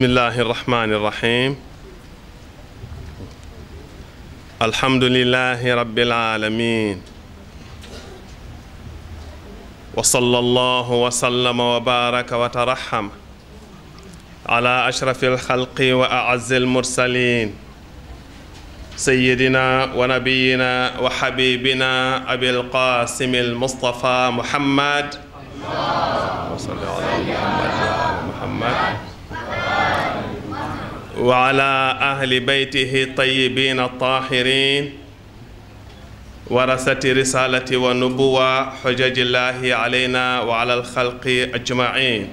bismillahi irrahmani irrahim alhamdulilahi rabiilalamin wasala allahu wasallama wa baaraka wa taraxama ala ashrafi alxalqi wa aaz almursalin sayidina wa nabiyina wa xabibina abilqaasimi almustafa muhammad wa salli ala muhammad wa ala ahli beytihi tayibiina taahiriin warasati risaalati wa nubuwa xujajillaahi alayna wa ala alxalqi ajmain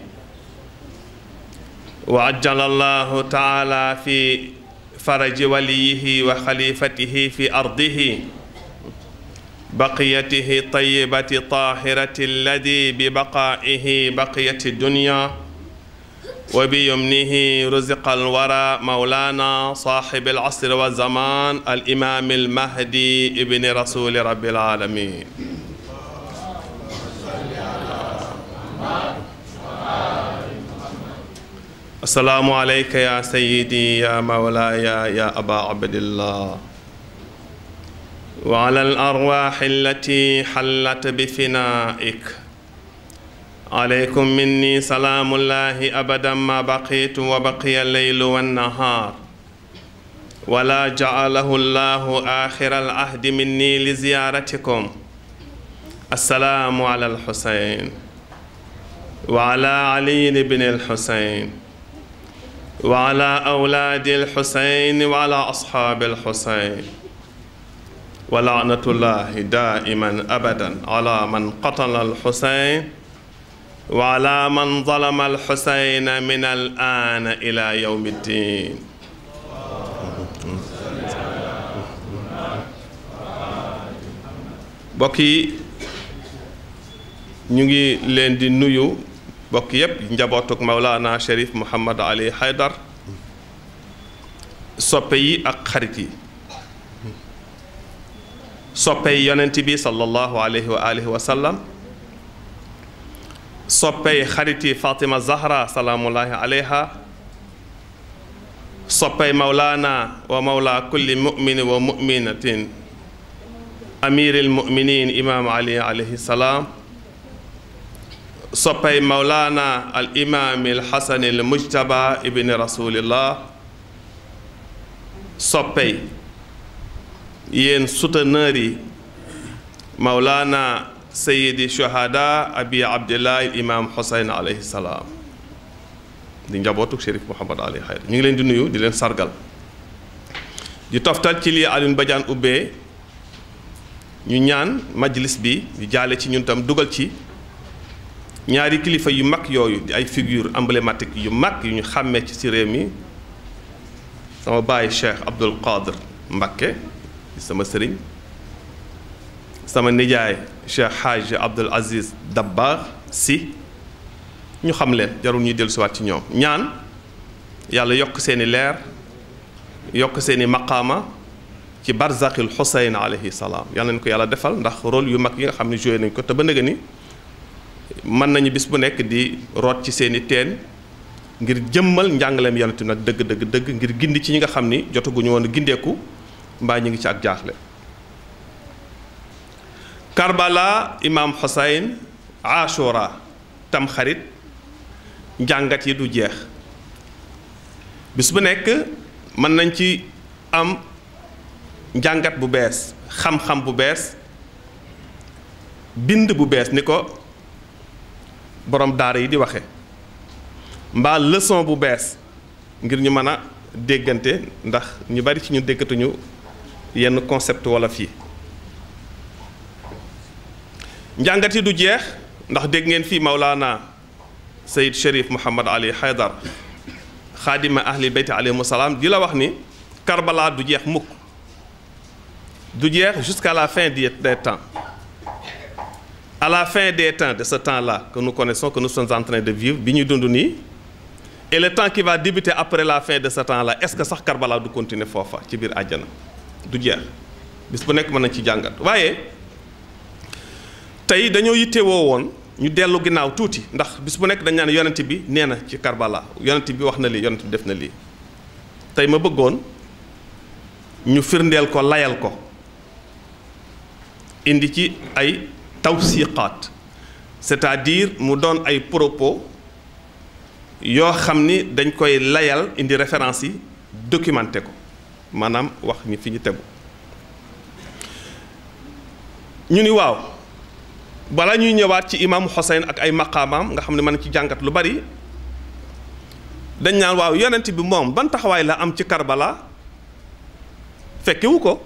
wa ajjala allahu taala fi faraji waliyihi wa xalifatihi fi ardihi baqiyatihi tayibati taahirati alladi bi baqaihi baqiyati dunya وبيمنه رزق الورى مولانا صاحب العصر والزمان الإمام المهدي ابن رسول رب العالمين السلام عليك يا سيدي يا مولاي يا أبا عبد الله وعلى الأرواح التي حلت بفنائك aleykum minni salaamullahi abadan ma baqiitu wa baqiya leylu wannahaar wala jaalahu llahu axira al ahdi minni li ziyaaratikum assalaamu ala alxusayn wa ala aliyin bni alxusayn wa ala awlaadi alxusayn wa ala ashaabi alxusayn wa laanatullahi daa'iman abadan ala man qatala alxusayn wala man zalama alxusayna min al aan ila yawmi ddin mbokk yi ñu ngi leen di nuyu mbokk yépp njabootuk Mawlana Cherif Mouhamad Ali Haydar soppe yi ak xarit yi soppe yi yonent bi sallallahu alayhi wa alihi soppey xarit yi Fatima Zahra salaamullahi aleyha soppey mawlaana wa mawla kulli mumini wa muminatin amiril muminin imaam ali alayhi salaam soppey mawlaana al imaami al xasani al mujtaba ibni rasulillah soppey yéen souteneurs yi mawlaana sayidi shuhada abi abdillah imam Xuseyn alayhi di njabootu Chérif Mouhamad Ali ñu ngi leen di nuyu di leen sargal di toftal ci lii Alioune Badiane ubbee ñu ñaan majlis bi di jaale ci ñun tam dugal ci ñaari kilifa yu mag yooyu di ay figure emblématique yu mag yu ñu xàmmee ci si réew mi sama bàyyi Cheikh Abdul Qadir Mbakke sama sëriñ sama nijaay Cheikh Hadj Abdoul Aziz Dabbar si ñu xam leen jarul ñuy dellusiwaat ci ñoom ñaan yàlla yokk seeni leer yokk seeni maqaama ci barzaqil Xuseyn alayhi salaam yàlla nañ ko yàlla defal ndax rôle yu mag yi nga xam ne joué nañ ko te ba nëgë ni mën nañu bis bu nekk di root ci seeni teen ngir jëmmal njàngaleem yonent nag dëgg dëgg ngir gind ci ñi nga xam ni jotaguñu woon gindeeku mbaa ñu ngi ci ak jaaxle Karbala Imam Hussein Ashura tamxarit njàngat yi du jeex bis bu nekk mën nañ ci am njàngat bu bees xam-xam bu bees bind bu bees ni ko boroom daara yi di waxe mbaa leçon bu bees ngir ñu mën a déggante ndax ñu bari ci ñu déggatuñu yenn concept wolof yi njàngat yi du jeex ndax dégg ngeen fii Maulana Sayid Cherif Mouhamad Ali Haydar xaadima ahli bayti alayhim salaam di la wax ni Karbala du jeex mukk du jeex jusqu'à la fin des temps à la fin des temps de sa temps-là que nous connaissons que nous sommes en de vivre bi ñuy dund nii et le temps qui va débuter après la fin de sa temps-là est-ce sax Karbala du continuer foofa ci biir àjjana du jeex bis bu nekk mën nañ ci jàngat waaye. tey dañoo yittewoo woon ñu dellu ginnaaw tuuti ndax bis bu nekk dañ naan yonent bi nee na ci Karbala yonent bi wax na lii yonent bi def na lii tey ma bëggoon ñu firndeel ko layal ko indi ci ay tawsiqaat c'est-à-dire mu doon ay propos yoo xam ni dañ koy layal indi référence yi documenté ko maanaam wax ñi fi ñu tegu ñu ni waaw bala ñuy ñëwaat ci imam Hussein ak ay maqaamaam nga xam ne man ci jàngat lu bari dañ naan waaw yonent bi moom ban taxawaay la am ci Karbala fekkewu ko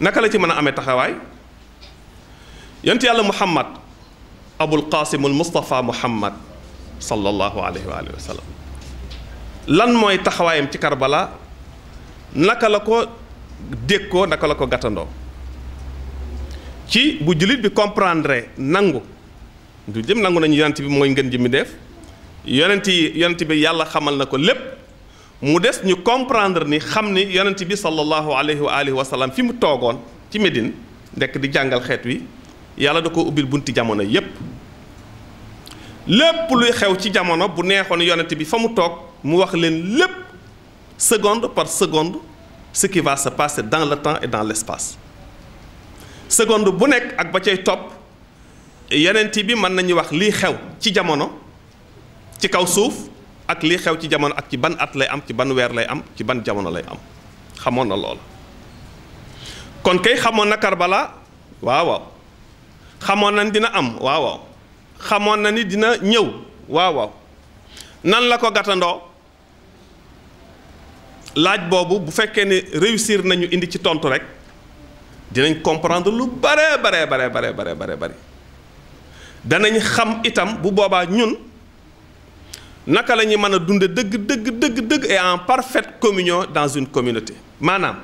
naka la ci mën a amee taxawaay yonent yàlla Muhammad Abul Qaasimul Mustafa Muhammad sallallahu alayhi wa alihi wa lan mooy taxawaayam ci Karbala naka la ko dékkoo naka la ko gàttandoo ci bu jullit bi comprendre nangu du jëm nangu nañu yonent bi mooy ngeen jëmmi def yonent yi yonent bi yàlla xamal na ko lépp mu des ñu comprendre ni xam ni yonent bi sallallahu alayhi wa alihi fi mu toogoon ci Médine nekk di jàngal xeet wi yàlla da ko ubbil bunti jamono yépp lépp luy xew ci jamono bu neexoon yonent bi fa mu toog mu wax leen lépp seconde par seconde ce qui va se passer dans le temps et dans l'espace seconde bu nekk ak ba cay topp yeneenti bi mën nañuy wax lii xew ci jamono ci kaw suuf ak lii xew ci jamono ak ci ban at lay am ci ban weer lay am ci ban jamono lay am xamoon na lool kon kay xamoon na Karbala waaw waaw xamoon na ni dina am waaw waaw xamoon na ni dina ñëw waaw waaw nan la ko gàttandoo laaj boobu bu fekkee ne réussir nañu indi ci tontu rek. dinañ comprendre lu bare bare bare bare bare bare bare danañ xam itam bu boobaa ñun naka la ñuy mën a dunde dëgg dëgg dëgg dëgg et en parfaite communion dans une communauté maanaam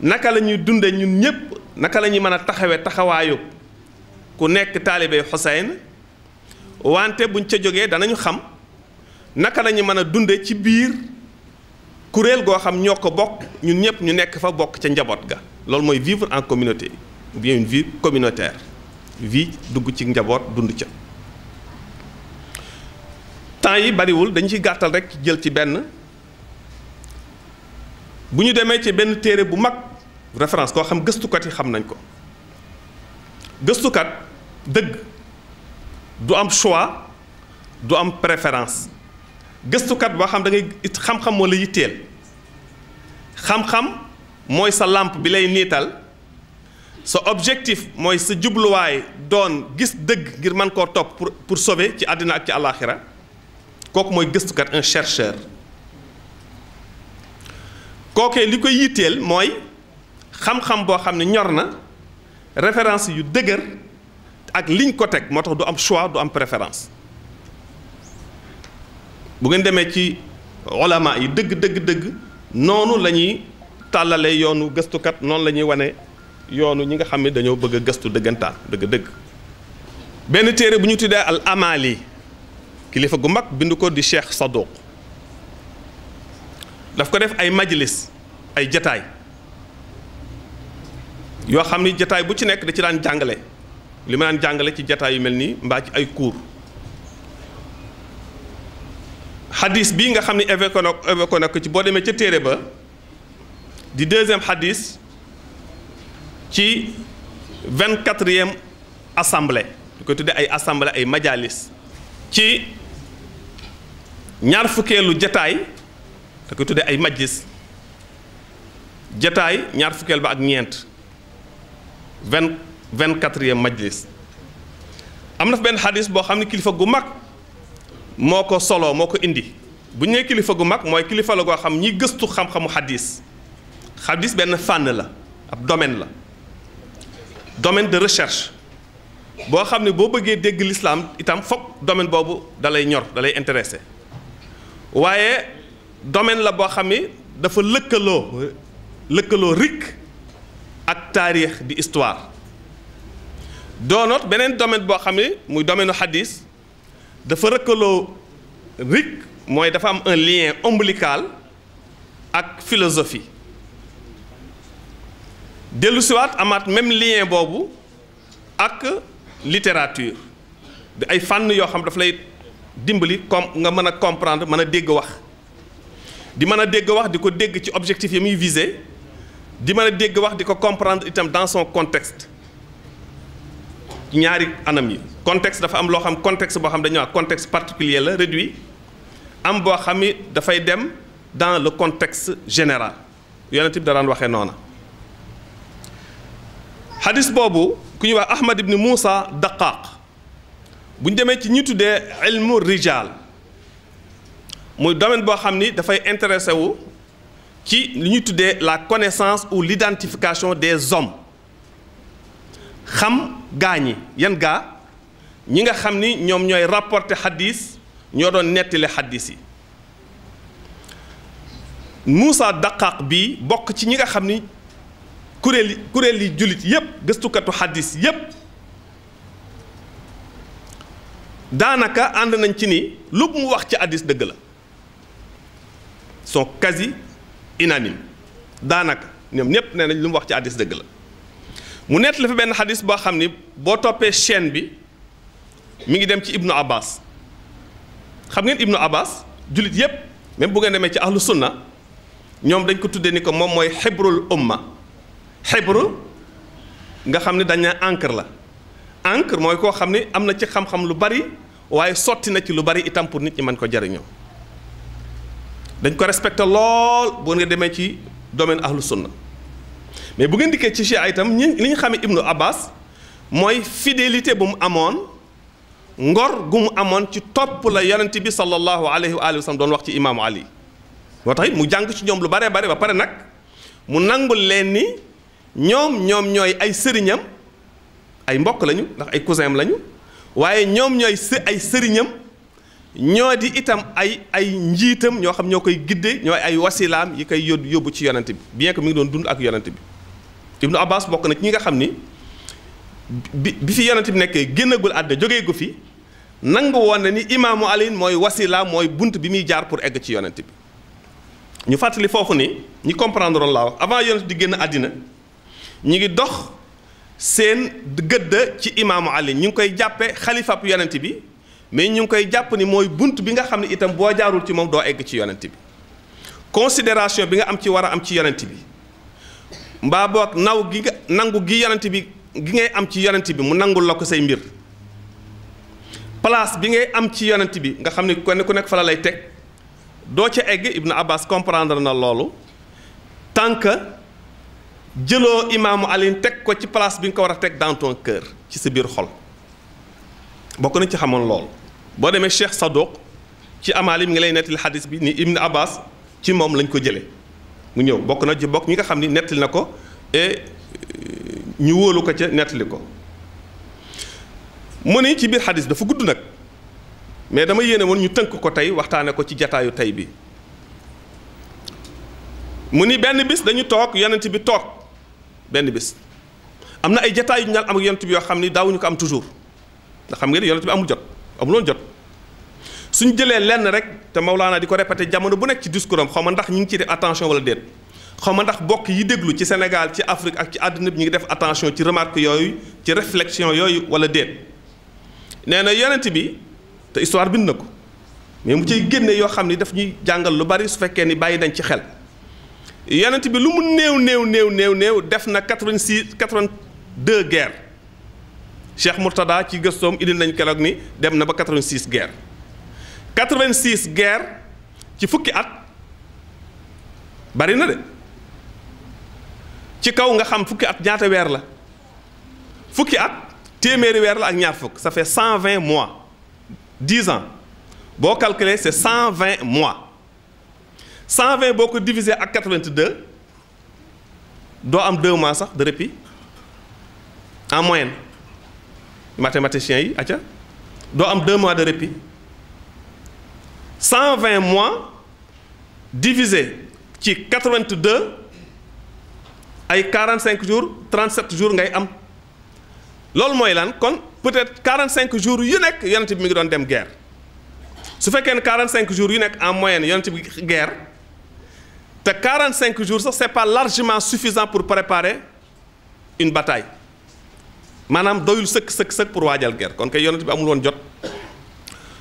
naka la ñuy dunde ñun ñépp naka la ñuy mën a taxawee taxawaayu ku nekk taalibey Xuseyn wante buñ ca jógee danañu xam naka la ñuy mën a dunde ci biir kuréel goo xam ñoo ko bokk ñun ñépp ñu nekk fa bokk ca njaboot ga loolu mooy vivre en communauté ou bien une vie communautaire vie dugg ci njaboot dund ca temps yi bariwul dañ ci gàttal rek jël ci benn bu ñu demee ci benn téere bu mag référence koo xam gëstukat yi xam nañ ko gëstukat dëgg du am choix du am préférence gëstukat boo xam da ngay it xam-xam moo la yitteel xam-xam mooy sa làmp bi lay niital sa objectif mooy sa jubluwaay doon gis dëgg ngir mën koo topp pour pour sauver ci àddina ak ci àllaaxira kooku mooy gëstukat un chercheur kooke li koy yitteel mooy xam-xam boo xam ne ñor na référence yu dëgër ak liñ ko teg moo tax du am choix du am préférence bu ngeen demee ci ulama yi dëgg dëgg dëgg noonu lañuy tàllalee yoonu gëstukat noonu lañuy wane yoonu ñi nga xam ne dañoo bëgg a gëstu dëggantaan dëgg-dëgg benn téere bu ñu tuddee al amali kilifa gu mag bind ko di Cheikh Saduq daf ko def ay majlis ay jataay yoo xam ni jataay bu ci nekk da ci daan jàngale li ma daan jàngale ci jataay yu mel nii mbaa ci ay cours xadis bii nga xam ni évoqué na ko évoqué ci boo demee ca téere ba di deuxième xadis ci vingt-quatrième assemblée di ko tuddee ay assemblée ay majalis ci ñaar fukkeelu jataay da ko tuddee ay majlis jataay ñaar fukkeel ba ak ñeent vingt vingt-quatrième majlis am na fa benn xadis boo xam ne kilifa gu mag moo ko solo moo ko indi bu ñu kilifa gu mag mooy kilifa la goo xam ñi gëstu xam-xamu xadis xadis benn fànn la ab domaine la domaine de recherche boo xam ne boo bëggee dégg lislaam itam foog domaine boobu dalay ñor dalay intéressé waaye domaine la boo xam ni dafa lëkkaloo lëkkaloo rikk ak taarix di histoire doonoot beneen domaine boo xam ne muy domaine u dafa rëkkaloo rikk mooy dafa am un lien ombilical ak philosophie dellu siwaat amaat même lien boobu ak littérature bi ay fànn yoo xam daf lay dimbali comme nga mën a comprendre mën a dégg wax di mën a dégg wax di ko dégg ci objectif yi muy visé di mën a dégg wax di ko comprendre itam dans son contexte ñaari anam yi contexte dafa am loo xam contexte boo xam dañu wax contexte particulier la réduit am boo xam ni dafay dem dans le contexte général yonent bi da daan waxee noona xadis boobu ku ñuy wax ahmad ibn moussa daqaaq buñ demee ci ñu tuddee ilmu rijal muy domaine boo xam ni dafay intéressé wu ci li ñuy tuddee la connaissance ou l'identification des hommes xam gaa ñi yan gaa ñi nga xam ni ñoom ñooy rapporté xadis ñoo doon nettale xadis yi moussa daqaaq bi bokk ci ñi nga xam ni kuréel yi kuréel yi jullit yépp gëstukatu xaddis yépp daanaka ànd nañ ci ni lu mu wax ci xaddis dëgg la sont quasi unanimes daanaka ñoom ñépp nee nañ lu mu wax ci xaddis dëgg la mu nett la benn xadis boo xam ni boo toppee chaîne bi mu ngi dem ci ibnu abbas xam ngeen ibnu abbas jullit yépp même bu ngeen demee ci ahlu sunna ñoom dañ ko tuddee ni ko moom mooy xibrul umma xibru nga xam ne daña encre la encre mooy koo xam ne am na ci xam-xam lu bari waaye sotti na ci lu bari itam pour nit ñi mën ko jariñoo dañ ko respecté lool boo nga demee ci domaine ahlu sunna mais bu ngeen dikkee ci chia itam ñi li ñu xamee ibnu abbas mooy fidélité bu mu amoon ngor gu mu amoon ci topp la yonent bi sallallahu alayhi wa sallam doon wax ci imaamu ali moo tax mu jàng ci ñoom lu baree bare ba pare nag mu nangul leen ni ñoom ñoom ñooy ay sëriñam ay mbokk lañu ndax ay cousin am lañu waaye ñoom ñooy ay sëriñam ñoo di itam ay ay njiitam ñoo xam ñoo koy giddee ñooy ay wasilaam yi koy yóbbu ci yonent bi bien que mi ngi doon dund ak yonent bi Ibnu bokk na ñi nga xam ni bi bi fi yonent bi nekkee génnagul àdda jógee gu fi nangu woon na ni imaamu aliin mooy wasila mooy bunt bi muy jaar pour egg ci yonent bi ñu fàttali foofu ni ñi comprendre laa wax avant yonent di génn àddina ñi ngi dox seen gëdd ci imaamu ali ñu ngi koy jàppe xalifab yonent bi mais ñu ngi koy jàpp ni mooy bunt bi nga xam ne itam boo jaarul ci moom doo egg ci yonent bi considération bi nga am ci war a am ci yonent bi mbaa boog naw gi nga nangu gi yonent bi gi ngay am ci yonent bi mu nangul la ko say mbir place bi ngay am ci yonent bi nga xam ne kenn ku nekk fa la lay teg doo ca egg Ibn Abbas comprendre na loolu tant que jëloo imaamu Alioune teg ko ci place bi nga ko war a teg dans ton ci sa biir xol bokk na ci xamoon lool boo demee Cheikh Sadoq ci Amaalim nga lay nettali xadis bi ni Ibn Abbas ci moom lañ ko jëlee mu ñëw bokk na ci bokk ñi nga xam ni nettali na ko et ñu wóolu ko ca nettali ko mu ni ci biir xadis dafa gudd nag mais dama yéene woon ñu tënk ko tey waxtaane ko ci jataayu tey bi mu ni benn bis dañu toog yonent bi toog benn bis am na ay jataay yu ñu am ak yonent bi yoo xam ni daawuñu ko am toujours ndax xam ngeen ne yonent bi amul jot amuloon jot suñ jëlee lenn rek te laa Maulana di ko répété jamono bu nekk ci discours am xaw ma ndax ñu ngi ci def attention wala déet xaw ma ndax bokk yi déglu ci Sénégal ci Afrique ak ci àddina bi ñu ngi def attention ci remarque yooyu ci réflexion yooyu wala déet nee na yonent bi te histoire bind na ko mais mu ciy génne yoo xam ni daf ñuy jàngal lu bari su fekkee ni bàyyi nañ ci xel. yenent bi lu mu néew néew néew néew néew def na quatre-vingt-six quatre Cheikh Mourtada ci gëstoom indi nañ keloog ni dem na ba quatre-vingt-six guerre quatre ci fukki at bari na de ci kaw nga xam fukki at ñaata weer la fukki at téeméeri weer la ak ñaar fukk ça fait cent vingt mois dix boo calculer c'est cent vingt mois cent 120 boo ko divisé ak deux doo am 2 mois sax de répit en moyenne mathématiciens yi acca doo am deux mois de répit 120 mois divisé ci 82 ay 45 jours 37 jours ngay am loolu mooy lan kon peut-être 45 jours yu nekk yonent bi mi ngi doon dem guerre su fekkee ne 45 jours yu nekk en moyenne yonent bi guerre. te quarante cinq jours sax c'est pas largement suffisant pour préparer une bataille maanaam doyul sëkk sëkk sëkk pour waajal guerre kon kay yonent bi amul woon jot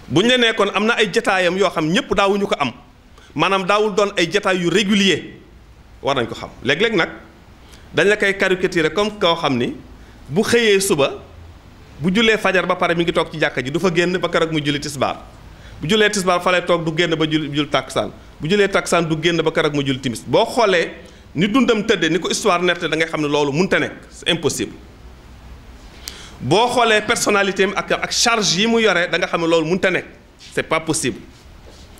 bu ñu la nekkoon am na ay jataayam yoo xam ñëpp daawuñu ko am maanaam daawul doon ay jataay yu régulier war nañ ko xam léeg-léeg nag dañ la koy caricaturer comme koo xam ni bu xëyee suba bu jullee fajar ba pare mi ngi toog ci jàkka ji du fa génn ba keroog mu julli tisbaar bu jullee tisbaar fa lay toog du génn ba jul jul tàkkusaan bu jëlee taksaan du génn ba keroog mu jul timis boo xoolee ni dundam tëddee ni ko histoire nerte da ngay xam ne loolu munte nekk c'est impossible boo xoolee personnalité am ak ak charge yi mu yore danga xam ne loolu munte nekk c'est pas possible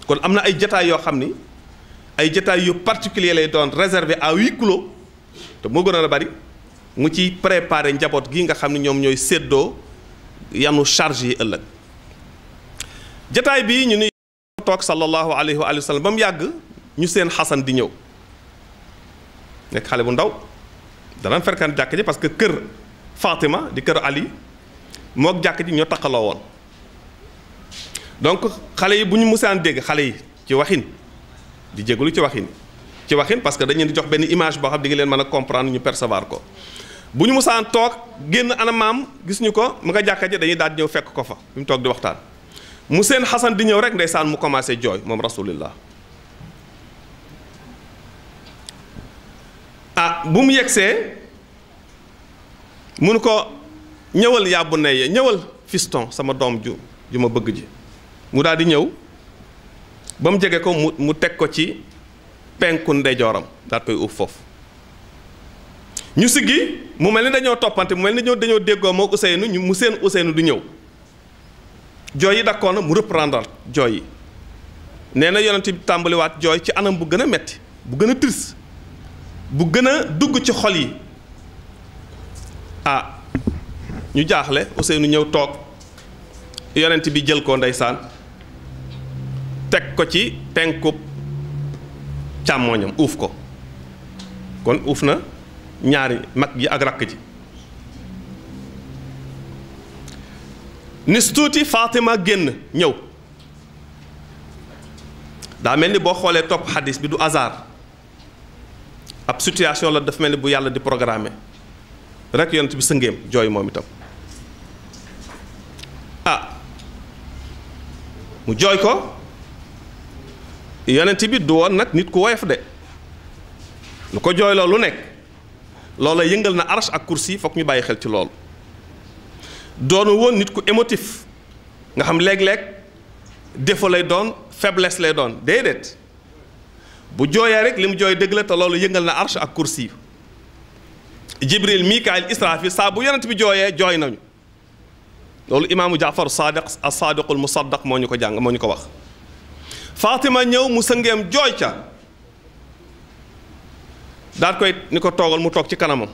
kon am na ay jataay yoo xam ni ay jataay yu particulier lay doon réservé à huis te moo gën a bari mu ci préparé njaboot gi nga xam ne ñoom ñooy séddoo yanu charge yi ëllëg jataay bi ñu ni toog toog sallallahu alayhi wa sallam ba mu yàgg ñu seen xasan di ñëw nekk xale bu ndaw danañ ferkaan jàkk ji parce que kër Fatima di kër Ali mook jàkk ji ñoo taqaloo woon donc xale yi bu ñu musaan dégg xale yi ci waxin di jégalu ci waxin ci waxin parce que dañu di jox benn image boo xam di nga leen mën a comprendre ñu percevoir ko bu ñu musaan toog génn ana maam gis ko mu nga jàkka ji dañuy daal di ñëw fekk ko fa bi mu toog di waxtaan mu seen xasan di ñëw rek ndeysaan mu commencé jooy moom rasulillah ah bu mu yegsee mun ko ñëwal yàbbu ney ñëwal fiston sama doom ju ju ma bëgg ji mu daal di ñëw ba mu jege ko mu mu teg ko ci penku ndeyjooram daal koy uuf foofu ñu siggi mu mel ni dañoo toppante mu mel ni dañoo déggoo moo Ousseynou ñu mu seen Ousseynou du ñëw jooy yi dakkoon na mu reprendre jooy yi nee na yonent bi tàmbaliwaat jooy ci anam bu gën a metti bu gën a triste bu gën a dugg ci xol yi ah ñu jaaxle Ousseynou ñëw toog yonent bi jël ko ndeysaan teg ko ci penkub càmmooñam uuf ko kon uuf na ñaari mag yi ak rakk ji nis tuuti Fatima génn ñëw daa mel ni boo xoolee topp xadis bi du hasard ab situation la dafa mel ni bu yàlla di programmer rek yonent bi sëngéem jooy moom itam ah mu jooy ko yonent bi du woon nag nit ku woyof de lu ko jooyloo lu nekk loola yëngal na arsh ak kursi foog ñu bàyyi xel ci loolu doonu woon nit ku émotif nga xam léeg-léeg défaut lay doon faiblesse lay doon déedéet bu jooyee rek li mu jooy dëgg la te loolu yëngal na arsh ak kursi jibril mikaayil israfil saa saabu yonent bi jooyee jooy nañu loolu imaamu jaafaru saadiq as-saadiqul musaddaq moo ñu ko jàng moo ñu ko wax faatima ñëw mu sëngeem jooy ca daat koy ni ko toogal mu toog ci kanamam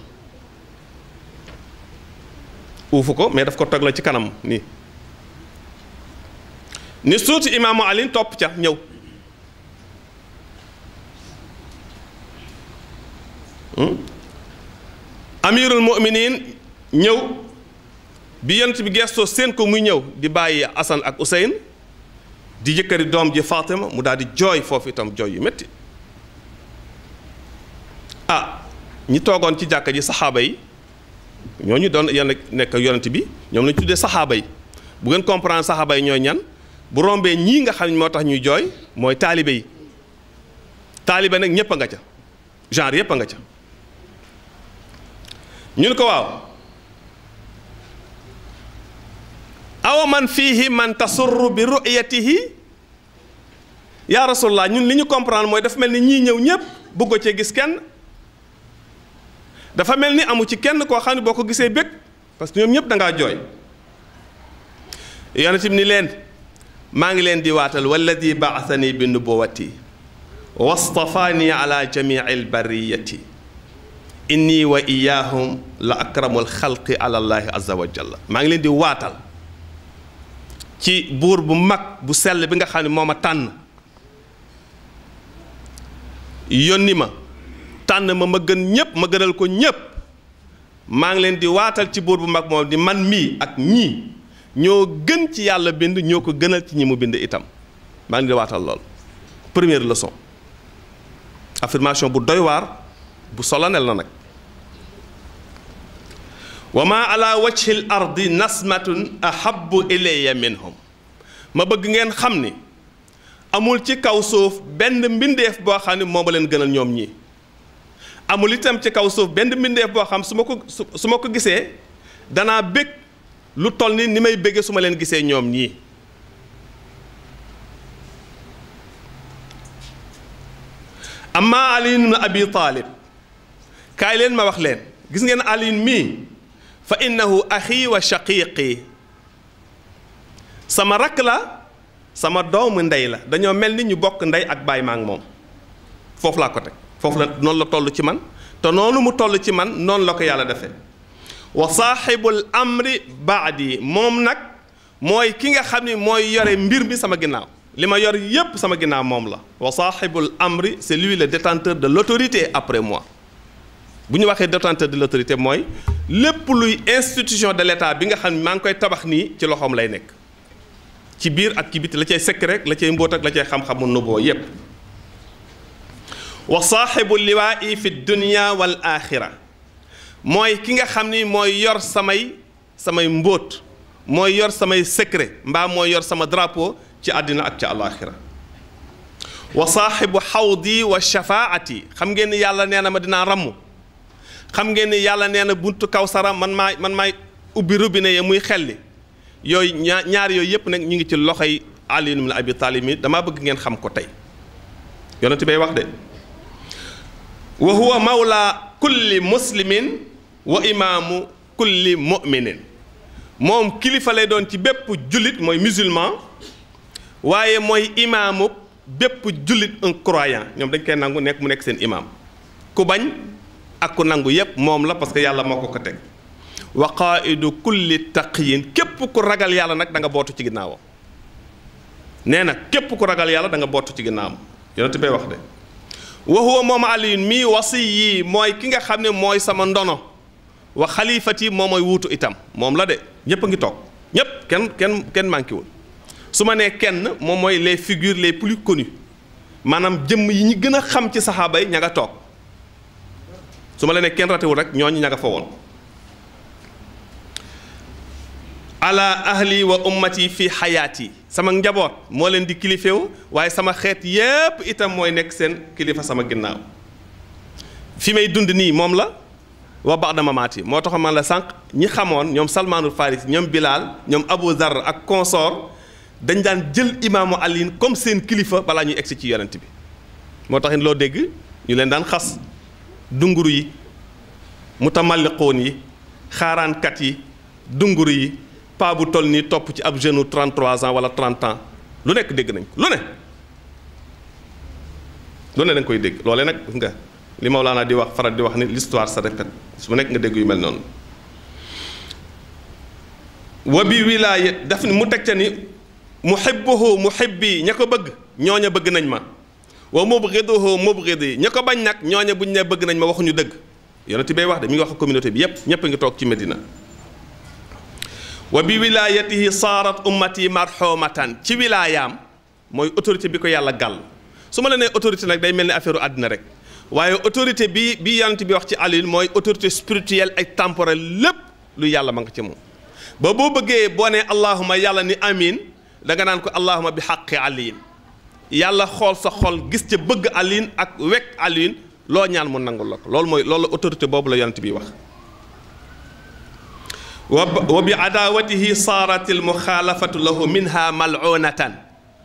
uufu ko mais daf ko togla ci kanam nii ni suuti imaamu alin topp ca ñëw hmm? amirul muminin ñëw bi yent bi gestoo seen ko muy ñëw di bàyyi asan ak useyn di jëkkëri doom ji fatima mu daal di jooy foofu itam jooy yu metti a ah, ñi toogoon ci jàkka ji saxaaba yi ñoo ñu doon yàlla nekk yonent bi ñoom lañ tuddee saxaaba yi bu ngeen comprendre saxaaba yi ñooy ñan bu rombee ñii nga xam ne moo tax ñuy jooy mooy taalibe yi taalibe nag ñëpp a nga ca genre yëpp a nga ca ñu ne ko waaw aw man fiihi man tasurru bi ru'yatihi yaa rasulullah ñun li ñu comprendre mooy dafa mel ni ñii ñëw ñëpp bëggo cee gis kenn dafa mel ni amu ci kenn koo xam ne boo ko gisee bëgg parce que ñoom ñëpp da ngaa jooy yonent ni leen maa ngi leen di waatal walladi baasani bi nubuwati wastafaani ala jamii albariyati inni wa iyaahum la akramul xalqi alallahi azza wa jalla maa ngi leen di waatal ci buur bu mag bu sell bi nga xam ne moo ma tànn yónni ma tànn ma ma gën ñëpp ma gënal ko ñépp maa ngi leen di waatal ci buur bu mag moom di man mii ak ñii ñoo gën ci yàlla bind ñoo ko gënal ci ñi mu bind itam maa ngi di waatal lool première leçon affirmation bu doy waar bu solennel na nag wa ma ala wajhi l ardi nasmatun ahabu ilayya minhum ma bëgg ngeen xam ni amul ci kaw suuf benn mbindeef boo xam ne moo ma leen gënal ñoom ñi amul itam ci kaw suuf benn mbindeef boo xam su ma ko su ma ko gisee danaa bég lu toll ni ni may béggee su ma leen gisee ñoom ñii amma aliyun ibn abi kaay leen ma wax leen gis ngeen aliyun mii fa innahu axi wa sama rakk la sama doomu ndey la dañoo mel ni ñu bokk ndey ak baay ma moom foofu laa ko teg foofu la noonu la toll ci man te noonu mu toll ci man noonu la ko yàlla defee wa saaxibul amri baadi moom nag mooy ki nga xam ni mooy yore mbir mi sama ginnaaw li ma yor yépp sama ginnaaw moom la wa saaxibul amri c'est lui le détenteur de l'autorité après moi bu ñu waxee détenteur de l'autorité mooy lépp luy institution de l'état bi nga xam ni maa ngi koy tabax nii ci loxoom lay nekk ci biir ak ci la cay secret la cay mbóot ak la cay xam-xamu nuboo wa saaxibu liwaa'i fi dunya wal axira mooy ki nga xam ni mooy yor samay samay mbóot mooy yor samay secret mbaa mooy yor sama drapeau ci àddina ak ci alaxira wa saaxibu xawdi wa shafaati xam ngeen ni yàlla nee na ma dinaa ramm xam ngeen ni yàlla nee na buntu kawsara man maay man maay ubbi robinet ya muy xelli yooyu ñaar ñaar yooyu yëpp nag ñu ngi ci loxoy Ali ibn Abi Talib mi damaa bëgg ngeen xam ko tey yonent bay wax de wa huwa mawla kulli muslimin wa imaamu kulli mu'minin moom kilifa lay doon ci bépp jullit mooy musulman waaye mooy imaamu bépp jullit un croyant ñoom dañ koy nangu nekk mu nekk seen imaam ku bañ ak ku nangu yépp moom la parce que yàlla moo ko ko teg wa qaaidu kulli taqiyin képp ku ragal yàlla nag danga bootu ci ginnaawam nee na képp ku ragal yàlla da nga bootu ci ginnaawam yonent bay wax de wa huwa moom aliyun mii wasi yii mooy ki nga xam ne mooy sama ndono wa xalifati moom mooy wuutu itam moom la de ñëpp a ngi toog ñëpp kenn kenn kenn manqué wul su ma nee kenn moom mooy les figures les plus connues maanaam jëmm yi ñu gën a xam ci saxaaba yi ña nga toog su ma la nee kenn ratewul rek ñooñu ña nga fa woon ala ahli wa ummati fi xayaati sama njaboot moo leen di kilifewu waaye sama xeet yépp itam mooy nekk seen kilifa sama ginnaaw fi may dund nii moom la wa ba'da yi moo tax man la sànq ñi xamoon ñoom salmaanu Faris ñoom bilaal ñoom Abu Zar ak consort dañ daan jël imaamu Ali comme seen kilifa balaa ñuy egsi ci yonent bi moo tax loo dégg ñu leen daan xas dunguru yi mutamalliqoon yi xaaraankat yi dunguru yi paa bu toll nii topp ci ab jeune 33 ans wala 30 ans lu nekk dégg nañ ko lu ne lu ne dañ koy dégg loole nag nga li Maolana di wax faral di wax ni l'histoire sa répète su nekk nga dégg yu mel noonu wa bi wilaayat daf ni mu teg ca ni mu mu muhibbuhu muhibbi ña ko bëgg ñooña bëgg nañ ma wa mubghiduhu mubghidi ña ko bañ nag ñooña buñ ne bëgg nañ ma waxuñu dëgg yonent bay wax de mu ngi wax communauté bi yépp ñépp a ngi toog ci Medina wa bi wilaayatihi saarat ummati marxoomatan ci wilaayaam mooy autorité bi ko yàlla gàll su ma la nee autorité nag day mel ni affaire àddina rek waaye autorité bi bi yonent bi wax ci alil mooy autorité spirituelle ak temporelle lépp lu yàlla ma nga ci moom ba boo bëggee boo nee allahuma yàlla ni amin danga naan ko allahuma bi xaqi aliin yàlla xool sa xol gis ca bëgg aliin ak wekk aliin loo ñaan mu nangul la ko loolu mooy loolu autorité boobu la yonent bi wax wa bi adaawatihi saaratil muxaalafatu lahu minha mal'unatan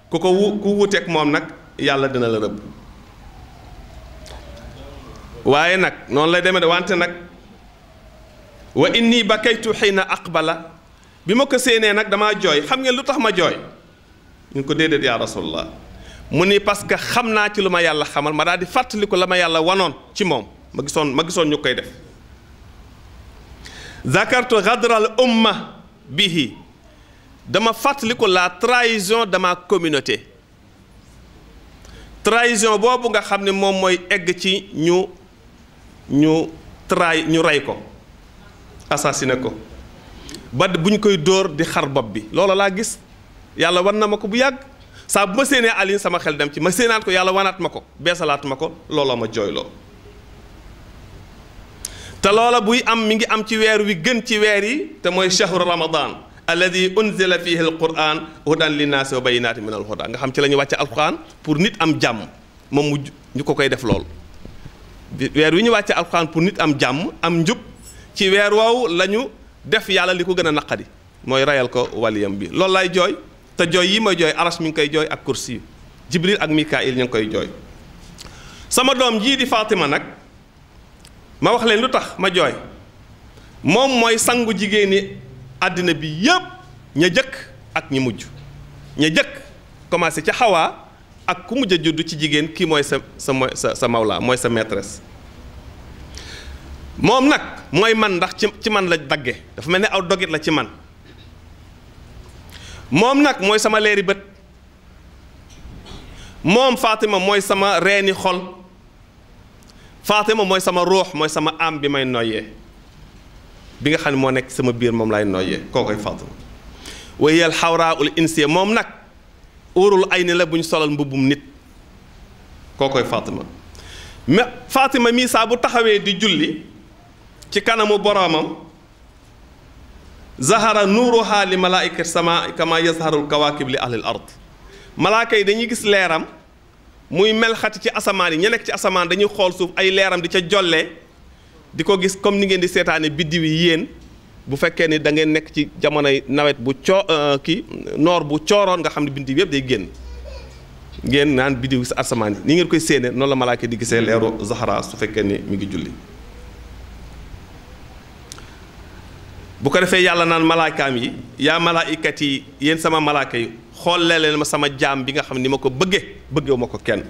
ku ko wu ku wuuteeg moom nag yàlla dina la rëbb waaye nag noonu lay deme de wante nag wa inni bakaytu xiina aqbala bi ma ko séenee nag damaa jooy xam ngeen lu tax ma jooy ñu ko déedéet yaa rasulallah mu ni parce que xam naa ci lu ma yàlla xamal ma daal di fàttaliku la ma yàlla wanoon ci moom ma gisoon ma gisoon ñu koy def zakartu ghadral umma bihi dama fàttaliku la trahison de ma communauté trahison boobu nga xam ne moom mooy egg ci ñu ñu trahi ñu rey ko assassiné ko ba buñ koy dóor di xar bopp bi loolu laa gis yàlla wan na ma ko bu yàgg saa bu ma séenee Alioune sama xel dem ci ma séenaat ko yàlla wanaat ma ko beesalaat ma ko looloo ma jooyloo te loola buy am mi ngi am ci weer wi gën ci weer yi te mooy shahru ramadan alladi unzila fihi alquran hudan linnaasi wa bayinaati min alhuda nga xam ci la ñu wàcce alquran pour nit am jàmm moom mu ñu ko koy def lool weer wi ñu wàcce alquran pour nit am jàmm am njub ci weer woowu lañu def yàlla li ko gën a naqadi mooy rayal ko waliyam bi loolu lay jooy te jooy yi ma jooy aras mi ngi koy jooy ak kursi jibril ak mikail ñu ngi koy jooy sama doom jii di Fatima nag ma wax leen lu tax ma jooy moom mooy sangu jigéen ñi àddina bi yépp ña jëkk ak ñi mujj ña jëkk commencé ca xawaa ak ku mujj a ci jigéen kii mooy sa sa sa sa mawla mooy sa maîtresse moom nag mooy man ndax ci ci man la dagge dafa mel ni aw dogit la ci man moom nag mooy sama leeri bët moom Fatima mooy sama reeni xol Fatima mooy sama ruux mooy sama am bi may noyyee bi nga xam ne moo nekk sama biir moom lay noyyee kookoy Fatima wayal xawraa ul insiya moom nag uurul ay ni la bu ñu solal mbubbum nit kookoy Fatima mais Fatima misaa bu taxawee di julli ci kanamu boroomam zahara nuuruha li malaayika sama kama yazharul kawaakib li ahlil ard malaaka yi dañuy gis leeram muy mel ci asamaan yi ña nekk ci asamaan dañuy xool suuf ay leeram di ca jolle di ko gis comme ni ngeen di seetaane biddiw yi yéen bu fekkee ni da ngeen nekk ci jamonoy nawet bu coo euh, kii noor bu cooroon nga xam ne biddiw yëpp day génn ngeen naan biddiw si asamaan yi ni ngeen koy séenee noonu la malaaka di gisee leeru Zahra su fekkee ni mu ngi julli bu ko defee yàlla naan malaakaam yi yaa yi yéen sama malaaka yi xoolee leen ma sama jaam bi nga xam ni ma ko bëgge bëggewu ma ko kenn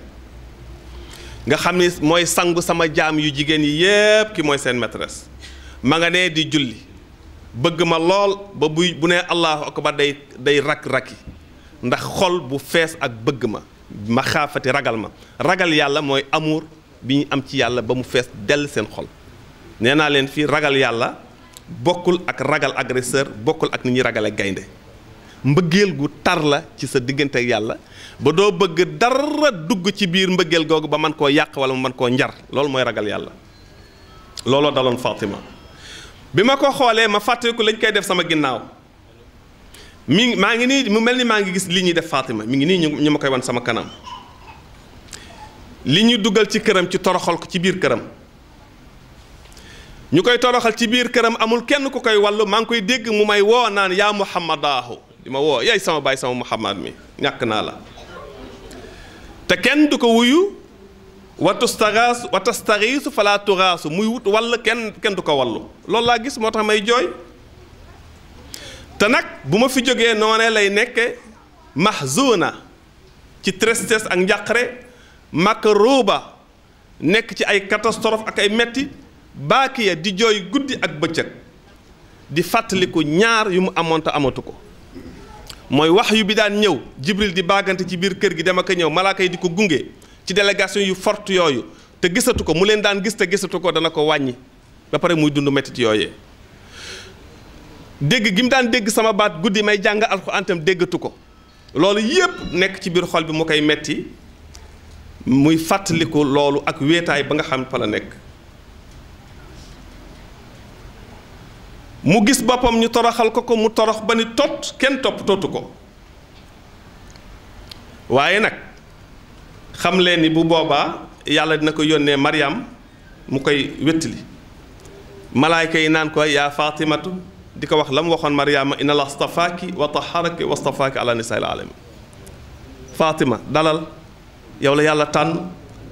nga xam ni mooy sangu sama jaam yu jigéen yi yépp ki mooy seen maîtresse ma nga di julli bëgg ma lool ba buy bu nee allahu akbar day day rak-raki ndax xol bu fees ak bëgg ma ma xaafati ragal ma ragal yàlla mooy amour bi ñu am ci yàlla ba mu fees dell seen xol nee naa leen fii ragal yàlla bokkul ak ragal agresseur bokkul ak ni ñuy ragale gaynde mbëggeel gu tar la ci sa diggante yàlla ba doo bëgg dara dugg ci biir mbëggeel googu ba man koo yàq wala mu man koo njar loolu mooy ragal yàlla looloo daloon Fatima bi ma ko xoolee ma fàttaliku lañ koy def sama ginnaaw mii maa ngi nii mu mel ni maa ngi gis li ñuy def Fatima mi ngi nii ñu ma koy wan sama kanam li ñuy dugal ci këram ci toroxal ko ci biir këram ñu koy toroxal ci biir këram amul kenn ku koy wàllu maa ngi koy dégg mu may woo naan yaa muhammadaahu di ma woo yaay sama baay sama muhammad mi ñàkk naa la te kenn du ko wuyu watustaraas watastariisu falaa turaasu muy wut wall kenn kenn du ko wallu loolu laa gis moo tax may jooy te nag bu ma fi jógee noonee lay nekke mahzuna ci trestes ak njàqare makruba nekk ci ay catastrophe ak ay metti baakiya di jooy guddi ak bëccëg di fàttaliku ñaar yu mu amoon amatu ko mooy wax yu bi daan ñëw jibril di bàggante ci biir kër gi dama ko ñëw malaaka yi di ko gunge ci délégation yu fort yooyu te gisatu ko mu leen daan gis te gisatu ko dana ko wàññi ba pare muy dund métit yooyee dégg gi mu daan dégg sama baat guddi may jàng alxuraan tam déggatu ko loolu yépp nekk ci biir xol bi mu koy metti muy fàttaliku loolu ak wéetaay ba nga xam fa la nekk mu gis boppam ñu toroxal ko ko mu torox ba ni tot kenn topp tootu ko waaye nag xam leen ni bu boobaa yàlla dina ko yónnee Maryam mu koy wéttali malaayka yi naan ko yaa Fatimatu di ko wax la mu waxoon Maryama inna la stafaaki wa taharaki wa stafaaki ala nisaa'il dalal yow la yàlla tànn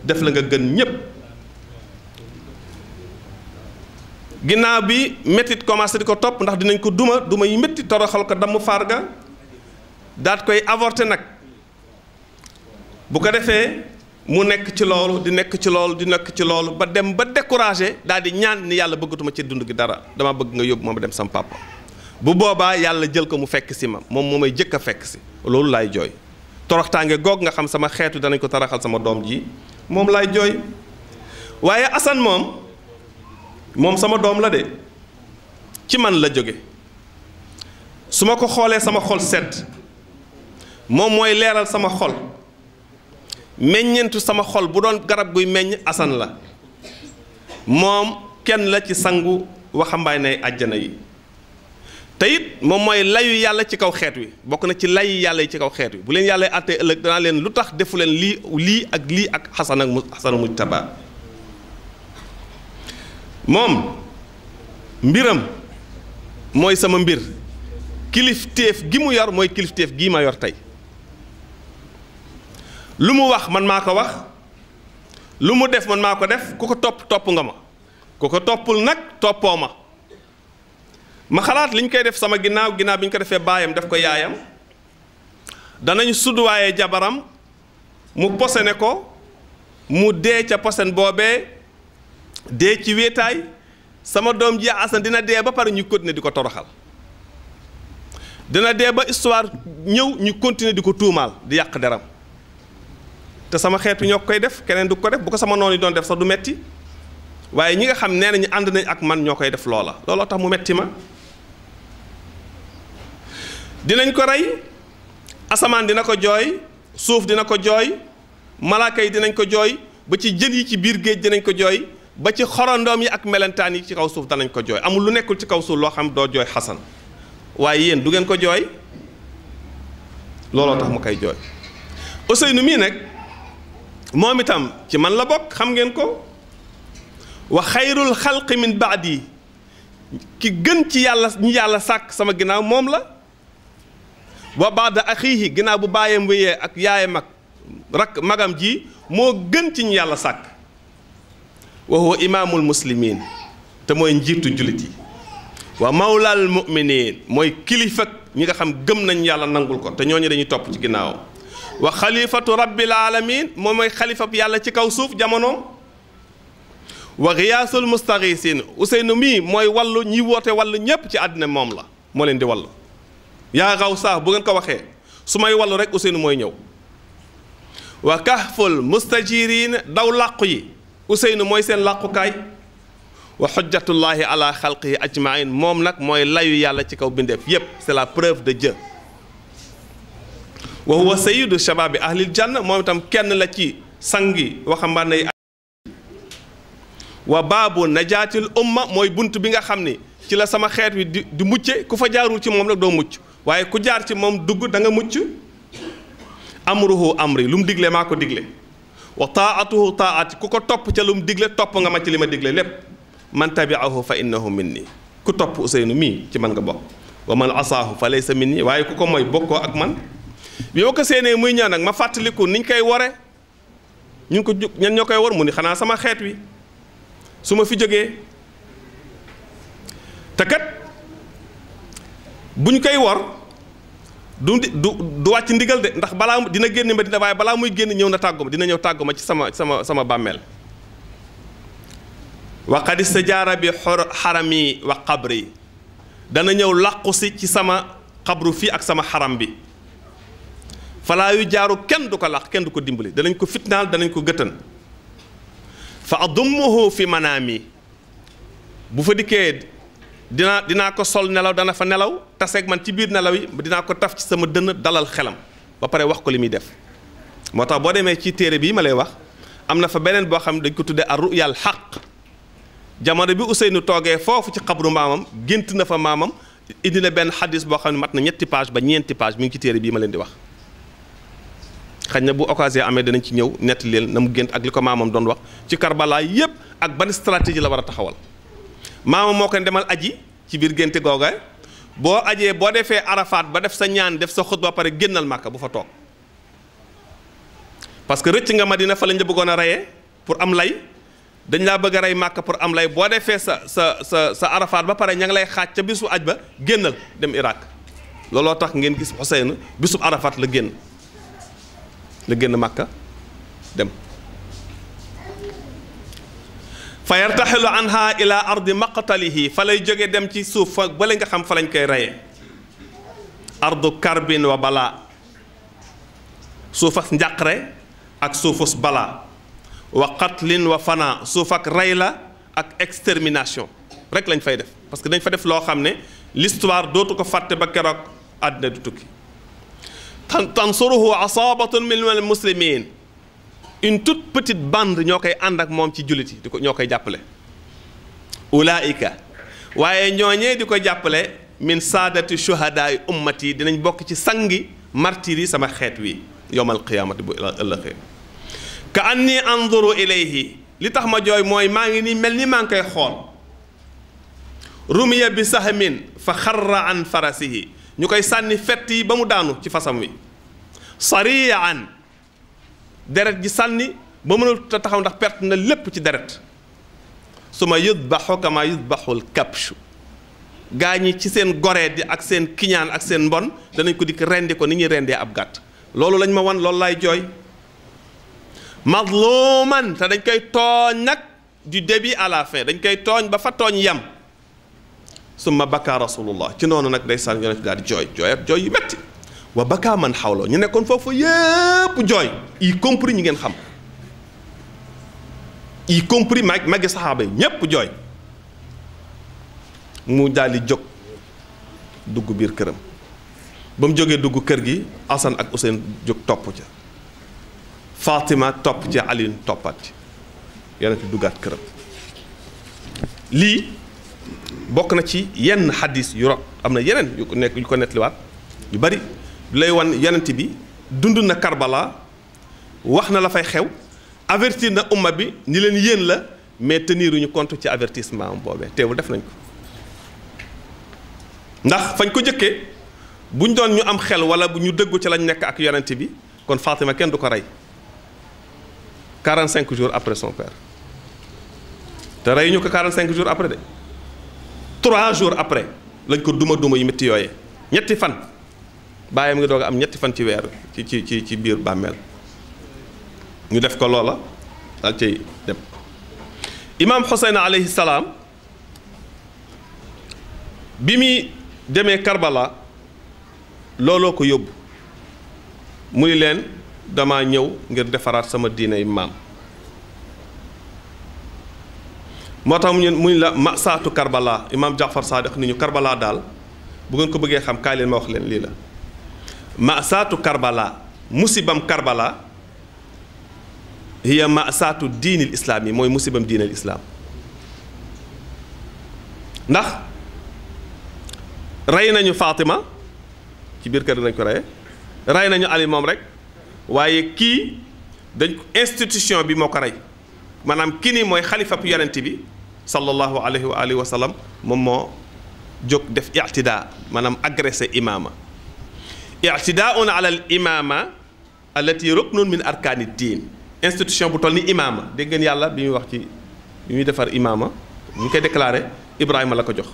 def la nga gën ñépp ginnaaw bi méttit commencé di ko topp ndax dinañ ko duma duma yi métti toroxal ko damm farga daat koy avorté nag bu ko defee mu nekk ci loolu di nekk ci loolu di nekk ci loolu ba dem ba découragé daal di ñaan ni yàlla bëggatuma ci dund gi dara dama bëgg nga yóbbu ma dem sama papa bu boobaa yàlla jël ko mu fekk si ma moom moo may jëkk a fekk si loolu laay jooy toroxtaange goog nga xam sama xeetu danañ ko taraxal sama doom ji moom laay jooy waaye Assane moom moom sama doom la de ci man la jóge su ma ko xoolee sama xol sedd moom mooy leeral sama xol meññentu sama xol bu doon garab guy meññ asan la moom kenn la ci sangu waxambaane àjjana yi te it moom mooy layu yàlla ci kaw xeet wi bokk na ci layu yàlla yi ci kaw xeet wi bu leen yàlla àttee ëllëg danaa leen lu tax defu leen lii lii ak lii ak xasan ak mu xasanu mujtaba moom mbiram mooy sama mbir kilifteef gi mu yor mooy kilifteef gii ma yor tey lu mu wax man maa ko wax lu mu def man maa ko def ku ko topp topp nga ma ku ko toppul nag toppoo ma ma xalaat liñ koy def sama ginnaaw ginnaaw bi ñu ko defee baayam def ko yaayam danañ sudduwaayee jabaram mu posene ko mu dee ca posen boobee dee ci wéetaay sama doom ji Assane dina dee ba pare ñu continuer di ko toroxal dina dee ba histoire ñëw ñu continuer di ko tuumaal di yàq deram te sama xeetu ñoo koy def keneen du ko def bu ko sama noonu yi doon def sax du metti waaye ñi nga xam nee nañu ànd nañ ak man ñoo koy def looloo tax mu metti ma dinañ ko rey asamaan dina ko jooy suuf dina ko jooy malaaka yi dinañ ko jooy ba ci jën yi ci biir géej dinañ ko jooy ba ci xorandoom yi ak melentaan yi ci kaw suuf danañ ko jooy amul lu nekkul ci kaw suuf loo xam doo jooy xasan waaye yéen du ngeen ko jooy looloo tax mu koy jooy Ousseynou mii nag moom itam ci man la bokk xam ngeen ko wa xayrul xalqi min baadi ki gën ci yàlla ñu yàlla sàkk sama ginnaaw moom la wa baada axiihi ginnaaw bu bàyyam wéyee ak yaayam ak rakk magam ji moo gën ci ñu yàlla sàkk wa huwa imaamul muslimin te mooy njiitu jullit yi wa mawlaal muminin mooy kilifa ñi nga xam gëm nañ yàlla nangul ko te ñooñu dañuy topp ci ginnaawam wa xalifatu rabbil alamin moom mooy xalifab yàlla ci kaw suuf jamono wa riyaasul mustaxisin Ousseynou mii mooy wallu ñi woote wallu ñépp ci àddina moom la moo leen di wallu yaa raw saa bu ngeen ko waxee su may wallu rek Ousseynou mooy ñëw wa kahful mustajirin daw làqu yi Ousseynou mooy seen làqukaay wa xujjatullahi ala xalqihi ajmain moom nag mooy layu yàlla ci kaw bindeef yépp c'est la preuve de Dieu wa huwa sayyidu shababi ahlil janna moom itam kenn la ci sangi waxambaane wa baabu najaatil umma mooy bunt bi nga xam ni ci la sama xeet wi di di mucce ku fa jaarul ci moom nag doo mucc waaye ku jaar ci moom dugg danga nga mucc amruhu amri lu mu digle maa ko digle wa taatuhu taati ku ko topp ca lu mu digle topp nga ma ci li ma digle lépp man tabiahu fa innahu minni ku topp nu mii ci man nga bokk wa man asaahu fa laysa minni waaye ku ko mooy bokkoo ak man bi ma ko séenee muy ñëw nag ma fàttaliku ñu koy ware ñu ngi ko jug ñan ñoo koy war mu ni xanaa sama xeet wi su ma fi jógee te kat buñ koy war du du du wàcc ndigal de ndax balaa dina génn ma dina waaye balaa muy génn ñëw na tàggu ma dina ñëw tàggu ma ci sama sama sama bàmmeel wa qad jaara bi xaram yi wa qabri dana ñëw làqu ci sama xabru fii ak sama xaram bi falaa yu jaaru kenn du ko làq kenn du ko dimbali danañ ko fitnaal danañ ko gëtën fa adumuhu fi manaami bu fa dikkee dinaa dinaa ko sol nelaw dana fa nelaw taseeg man ci biir nelaw yi dinaa ko taf ci sama dënn dalal xelam ba pare wax ko li muy def moo tax boo demee ci téere bii ma lay wax am na fa beneen boo xam ne dañ ko tuddee ar ruyal xaq jamono bi Ousseynou toogee foofu ci xabru maamam gént na fa maamam indi na benn xadis boo xam ne mat na ñetti page ba ñeenti page mu ngi ci téere bii ma leen di wax xañ na bu occasion amee danañ ci ñëw nett leen na mu gént ak li ko maamam doon wax ci Karbala yépp ak ban stratégie la war a taxawal maama moo ko demal aji ci biir génte googa boo ajee boo defee arafaat ba def sa ñaan def sa xutba pare génnal màkka bu fa toog parce que rëcc nga madina fa lañ da bëggoon a reyee pour am lay dañ laa bëgg rey màkka pour am lay boo defee sa sa sa sa arafaat ba pare ña ngi lay xaaj ca bésu aj ba génnal dem Irak looloo tax ngeen gis Xuseyn bisub arafaat la génn la génn màkka dem fa yartaxilu anha ila ardi maqtalihi fa lay jóge dem ci suuf fa bale nga xam fa lañ koy reyee ardu karbin wa balaa suufas njàqare ak suufus balaa wa qatlin wa fanaa suuf ak rey la ak extermination rek lañ fay def parce que dañ fa def loo xam ne l'histoire dootu ko fàtte ba keroog àddina du tukki tansuruhu asaabatun min al muslimin une toute petite ñoo koy ànd ak moom ci jullit di ko ñoo koy jàppale ulaika waaye ñooñee di ko jàppale min saadati shuhadaay ummat dinañ bokk ci sangi martir yi sama xeet wi yowmal qiyaamati bu ëllëxee ka anni anzuru ilayhi li tax ma jooy mooy maa ngi nii mel ni maa ngi koy xool rumiya bi sahamin fa xarra an farasihi ñu koy sànni fett yi ba mu daanu ci fasam wi sariyaan deret ji sànni ba mënul taxaw ndax perte na lépp ci deret su ma yudbaxu kama yudbaxul kapshu gaa ñi ci seen goree di ak seen kiñaan ak seen mbon danañ ko dikk rendi ko ni ñuy rendee ab gàtt loolu lañ ma won loolu laay jooy mazluman te dañ koy tooñ nag du début à la dañ koy tooñ ba fa tooñ yam su summa baka rasulullah ci noonu nag day saan yonent daal di jooy jooyat jooy yu metti ba bakaa man xawloo ñu nekkoon foofu yëpp jooy y compris ñi ngeen xam y compris mag magi saxaaba yi ñépp jooy mu daal jóg dugg biir këram ba mu jógee dugg kër gi Assane ak Ousseyne jóg topp ca Fatima topp ca alin toppaat ci yonent bi duggaat këram lii bokk na ci yenn xadis yu rot am na yeneen yu ko nekk yu ko nettaliwaat yu bari lay wan yonent bi dund na Karbala wax na la fay xew avertir na umma bi ni leen yéen la mais teniruñu compte ci avertissement boobee teewul def nañ ko ndax fañ ko jëkkee buñ doon ñu am xel wala bu ñu dëggu ci lañ nekk ak yonent bi kon Fatima kenn du ko rey quarant 45 jours après son père te rey ñu ko cinq jours après de 3 jours après lañ ko duma duma yu métti yooyee ñetti fan. bàyyam ngi doog am ñetti fan ci weer ci ci ci ci biir bàmmeel ñu def ko loola daal cay dem imaam Xuseyn alayhi salaam bi muy demee Karbala looloo ko yóbbu mu ni leen dama ñëw ngir defaraat sama diinay maam moo tax mu mu ñu la masaatu Karbala imaam Jaafar Saadiq ni ñu Karbala daal bu ngeen ko bëggee xam kaay leen ma wax leen lii la masaatu karbala musibam karbala hiya masaatu diinil islaam yi mooy musibam diinil islaam ndax rey nañu Fatima ci biir kër nañ ko reye rey nañu Ali moom rek waaye kii dañ institution bi moo ko rey maanaam kii nii mooy xalifab yonent bi sallallahu alayhi wa alihi moom moo jóg def ictidaa maanaam agressé imaama ictidaun ala al imama allati ruknun min arkaani diin institution bu toll ni imaama dégg yàlla bi muy wax ci bi muy defar imaama ñu koy déclaré Ibrahima la ko jox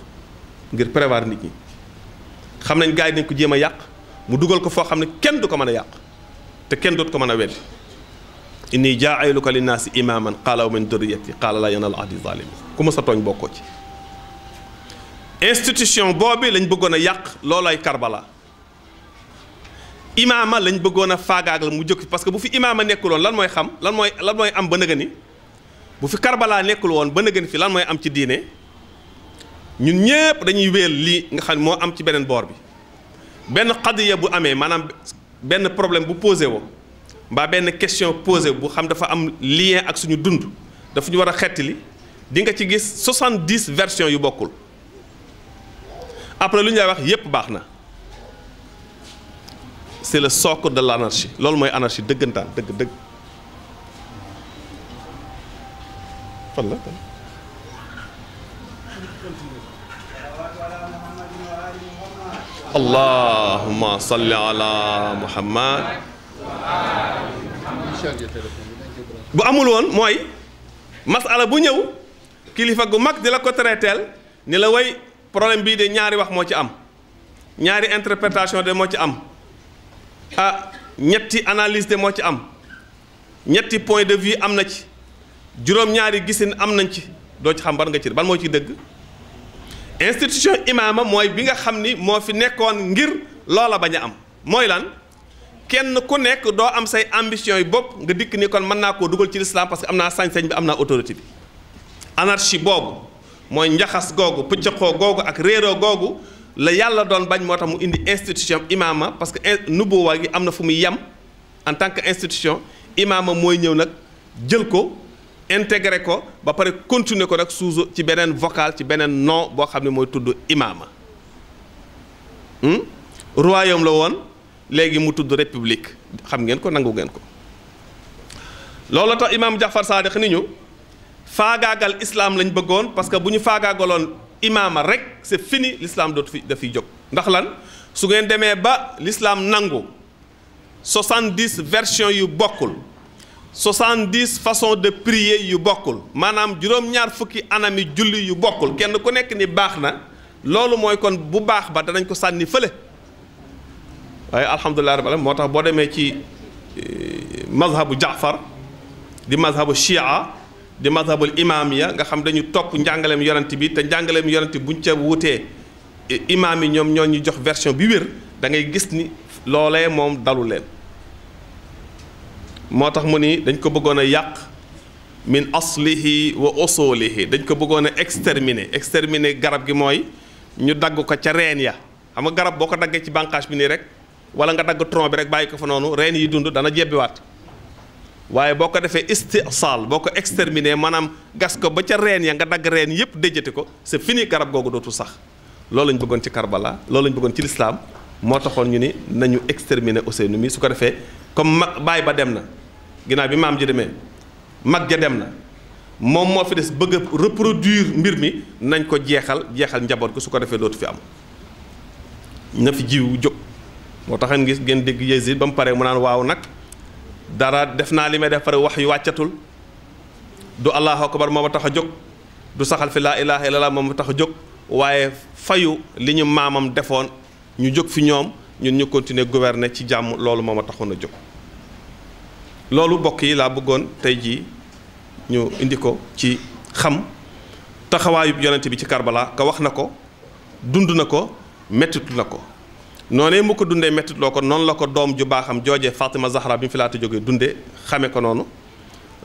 ngir prévoir nit ñi xam nañ gars yi dañ ko jéem a yàq mu dugal ko foo xam ne kenn du ko mën a yàq te kenn doot ko mën a weddi inni jaailuka linnaasi imaaman qaala wa min durriyati qaala laa yanaal ahdi zalimin ku ma sa tooñ bokkoo ci institution boobu lañ bëggoon a yàq loolay Karbala imaama lañ bëggoon a faagaag la mu jëkk parce que bu fi imaama nekkuloon lan mooy xam lan mooy lan mooy am ba nëgë ni bu fi kar Karbala nekkul woon ba nëgë ni fi lan mooy am ci diine ñun ñëpp dañuy wéel lii nga xam moo am ci beneen boor bi benn xadiya bu amee maanaam benn problème bu posé wo mbaa benn question posé bu xam dafa am lien ak suñu dund dafa ñu war a xettali di nga ci gis soixante-dix versions yu bokkul après lu ñu lay wax yépp baax na c'est le socle de l'anarchie loolu mooy anarchie dëggantaan dëgg dëgg fan la allahumma salli ala muhammad bu amul woon mooy masala bu ñëw kilifa gu mag di la ko traiteel ni la way problème bii de ñaari wax moo ci am ñaari interprétation de moo ci am ah ñetti analyse de moo ci am ñetti point de vue am na ci juróom-ñaari gisin am nañ ci doo ci xam ban nga ci ban moo ci dëgg institution imaama mooy bi nga xam ni moo fi nekkoon ngir loola bañ a am mooy lan kenn ku nekk doo am say ambition yi bopp nga dikk ni kon mën naa koo dugal ci lislaam parce que am naa sañ-sañ bi am naa autorité bi anarchie boobu mooy njaxas googu pëccëxoo googu ak réeroo googu la yàlla doon bañ moo tax mu indi institution imaama parce que nubuwa gi am na fu muy yem en tant que institution imaama mooy ñëw nag jël ko intégré ko ba pare continuer ko nag suuso ci beneen vocal ci beneen nom boo xam ne mooy tudd imaama hmm? royaume la woon léegi mu tudd république xam ngeen ko nangu ngeen ko loolu tax imaam Jaafar Saadiq ni ñu faagaagal islaam lañ bëggoon parce que bu ñu faagaagaloon imaama rek c'est fini l'islam dootu fi dafay jóg ndax lan su ngeen demee ba lislaam nangu soixante-dix versions yu bokkul soixante-dix façons de prier yu bokkul maanaam juróom-ñaar fukki anami julli yu bokkul kenn ku nekk ni baax na loolu mooy kon bu baax ba danañ ko sànni fële waaye alhamdulilah rabbil alamin moo tax boo demee ci eh, mazhabu jaafar di mazhabu shia di mazhabul imaam ya nga xam dañu topp njàngaleem yonent bi te njàngaleem yonent buñ ca wutee imaam yi ñoom ñoo ñu jox version bi wér da ngay gis ni loolee moom dalu leen moo tax mu ni dañ ko bëggoon a yàq min aslihi wa usulihi dañ ko bëggoon a exterminer exterminer garab gi mooy ñu dagg ko ca reen ya xam nga garab boo ko daggee ci bànqaas bi nii rek wala nga dagg tronc bi rek bàyyi ko fa noonu reen yi dund dana jebbiwaat waaye boo ko defee istisaal boo ko exterminé maanaam gas ko ba ca reen ya nga dagg reen yëpp déjjati ko c'est fini garab googu dootul sax loolu lañ bëggoon ci Karbala loolu lañ bëggoon ci lislaam moo taxoon ñu ni nañu exterminé nu mi su ko defee comme mag baay ba dem na ginnaaw bi maam ji demee mag ja dem na moom moo fi des bëgg a mbir mi nañ ko jeexal jeexal njaboot ko su ko defee dootu fi am na fi jiw jóg moo tax ngeen dégg Yezid ba mu paree mu naan waaw nag dara def naa li may def pare wax yu wàccatul du allahu akbar moo ma tax a jóg du saxal fi laa ilaha illallah moo ma tax a jóg waaye fayu li ñu maamam defoon ñu jóg fi ñoom ñun ñu continuer gouverner ci jàmm loolu moom a taxoon a jóg loolu bokk yi laa bëggoon tey jii ñu indi ko ci xam taxawaayu yonent bi ci Karbala ka wax na ko dund na ko mettitu na ko noonee mu dundee méttit ko noonu la ko doom ju baaxam joojee Fatima Zahra bi mu fi laata jógee dunde xame ko noonu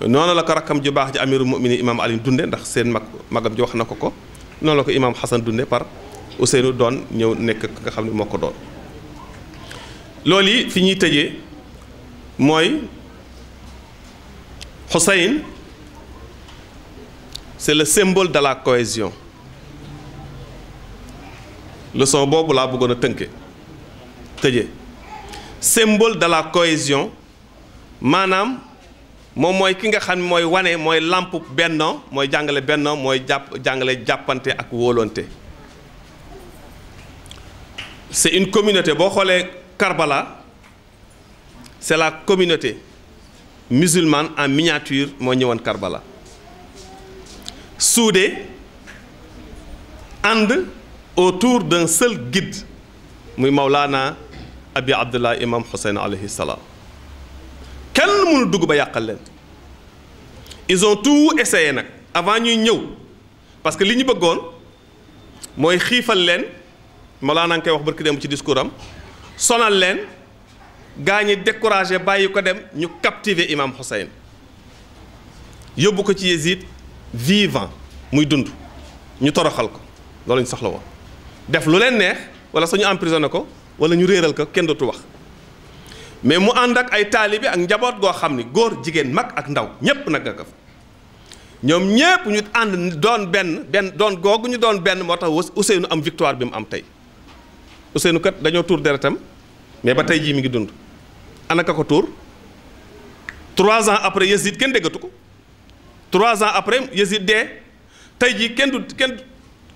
noonu la ko rakkam ju baax ji amirul muminin imam Ali dunde ndax seen mag magam ji wax na ko ko noonu la ko imam Xasan dunde par Ousseynou doon ñëw nekk nga xam ne moo ko doon loolu yi fi ñuy tëjee mooy Hussein c'est le symbole de la cohésion leçon boobu laa bëggoon a tënke tëjee symbole de la cohésion maanaam moom mooy ki nga xam ne mooy wane mooy làmp bennoo mooy jàngale bennoo mooy jàpp jàngale jàppante ak wóolonte c'est une communauté boo xoolee Karbala c'est la communauté musulmane en miniature moo ñëwoon carbala suude ànd autour d'un seul guide muy Maulana abi abdullah imam Hussein alayhi salaam kenn mënul dugg ba yàqal leen ison tout essayé nag avant ñuy ñëw parce que li ñu bëggoon mooy xiifal leen Mawlaana nga koy wax barki dem ci discours am sonal leen gaa ñi découragé bàyyi ko dem ñu captiver imam Hussein yóbbu ko ci Yézid vivant muy dund ñu toroxal ko loolu ñu soxla woon def lu leen neex wala sañu emprisonné ko. wala ñu réeral ko kenn dootu wax mais mu ànd ak ay taalibe ak njaboot goo xam ni góor jigéen mag ak ndaw ñépp nag nga ñoom ñépp ñu ànd doon benn benn doon googu ñu doon benn moo tax Ousseynou am victoire bi mu am tey Ousseynou kat dañoo tuur deretam mais ba tey jii mi ngi dund anaka ko tuur trois ans après Yazid kenn déggatu ko trois ans après Yazid dee tey jii kenn du kenn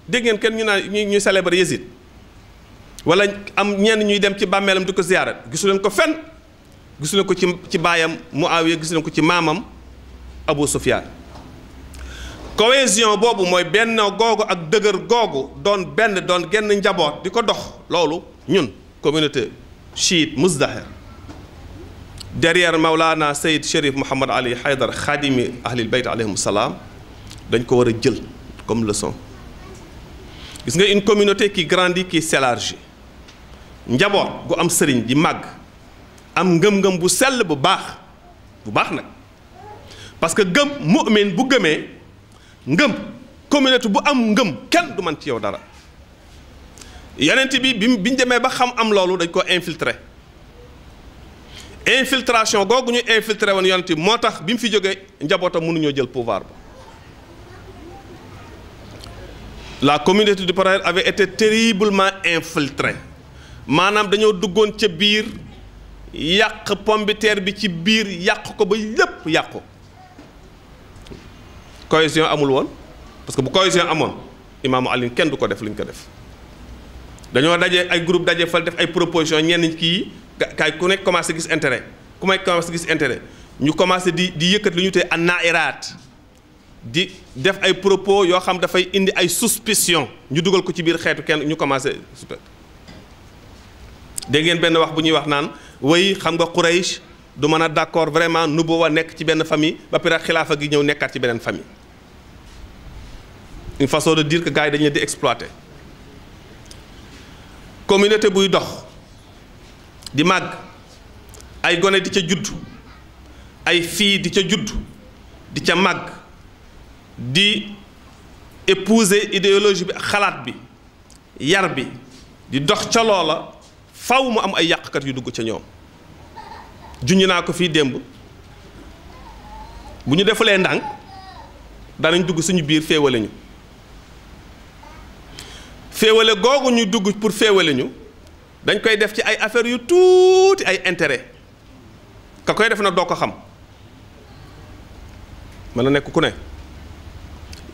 dégg ngeen kenn ñu naan ñu ñu célébrer Yazid wala am ñenn ñuy dem ci bàmmeelam di ko ziyaara gisu ko fenn gisu ko ci ci baayam Muawiya gisu leen ko ci maamam Abu Sufyaan cohésion boobu mooy benn googu ak dëgër googu doon benn doon genn njaboot di ko dox loolu ñun communauté chiite Muzdahir derrière Maulana Seyd Chérif Mouhamad Ali Haydar xaadimi ahlil bayt alayhim salaam dañ ko war a jël comme leçon gis nga une communauté qui grandit qui s'élargit njaboot gu am sëriñ di màgg am ngëm-ngëm bu sell bu baax bu baax nag parce que gëm mu'min bu gëmee ngëm communauté bu am ngëm kenn du man ci yow dara yonent bi bi biñ demee ba xam am loolu dañ ko infiltré infiltration googu ñu infiltré woon yonent bi moo tax bi mu fi jógee njabootam mënuñoo jël pouvoir ba la communauté du Père avait été terriblement infiltrée maanaam dañoo duggoon ca biir yàq pombiteer bi ci biir yàq ko ba yépp yàqu cohésion amul woon parce que bu cohésion amoon imaamu Alioune kenn du ko def li ñu ko def dañoo daje ay groupe daje fal def ay proposition ñenn kii kay ku nekk commencé gis intérêt ku nekk commencé gis intérêt ñu commencé di di yëkkat lu ñu tee an nairaat di def ay propos yoo xam dafay indi ay suspicion ñu dugal ko ci biir xeetu kenn ñu commencé dégg benn wax bu ñuy wax naan way xam nga Quraysh du mën a d'accord vraiment nubuwa nekk ci benn famille ba pare xilaafa gi ñëw nekkaat ci beneen famille une façon de dire que gars yi dañu leen di exploiter communauté buy dox di màgg ay gone di ca judd ay fii di ca judd di ca màgg di épouser idéologie bi xalaat bi yar bi di dox ca loola faw mu am ay yàqkat yu dugg ca ñoom junj naa ko fii démb bu ñu defulee ndànk danañ dugg suñu biir féewale ñu féewale googu ñu dugg pour féewale ñu dañ koy def ci ay affaires yu tuuti ay intérêt ka koy def na doo ko xam mën a nekk ku ne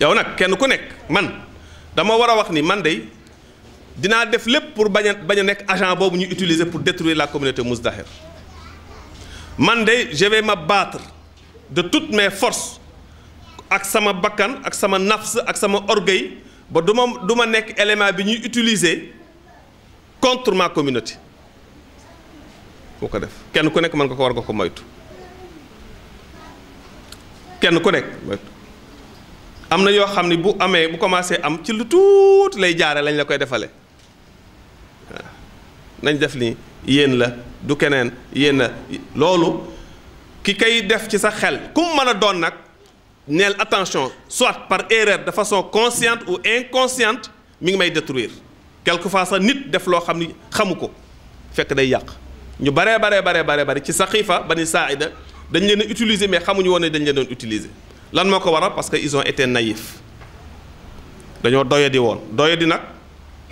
yow nag kenn ku nekk man dama war a wax ni man dey dinaa def lépp pour bañ a bañ a nekk agent boobu ñuy utiliser pour détruire la communauté Mousdahir man de je vais me battre de toutes mais forces ak sama bakkan ak sama nafs ak sama orgueil ba du ma du ma nekk élément bi ñuy utiliser contrement communauté boo ko def kenn ku nekk mën nga ko war nga ko moytu kenn ku nekk moytu am na yoo xam ne bu amee bu commencé am ci lu tuuti lay jaaree lañ la koy defale nañ def ni yéen la du keneen yéen la loolu ki kay def ci sa xel ku mën a doon nag neel attention soit par erreur de façon consciente ou inconsciente mi ngi may détruire quelquefois sax nit def loo xam ni xamu ko fekk day yàq ñu baree baree baree baree bari ci ba saqiifa bani ida dañ leen utiliser mais xamuñu woon ne dañ leen doon utiliser lan moo ko waral parce que ils ont été naïfs dañoo doyadi woon doyadi nag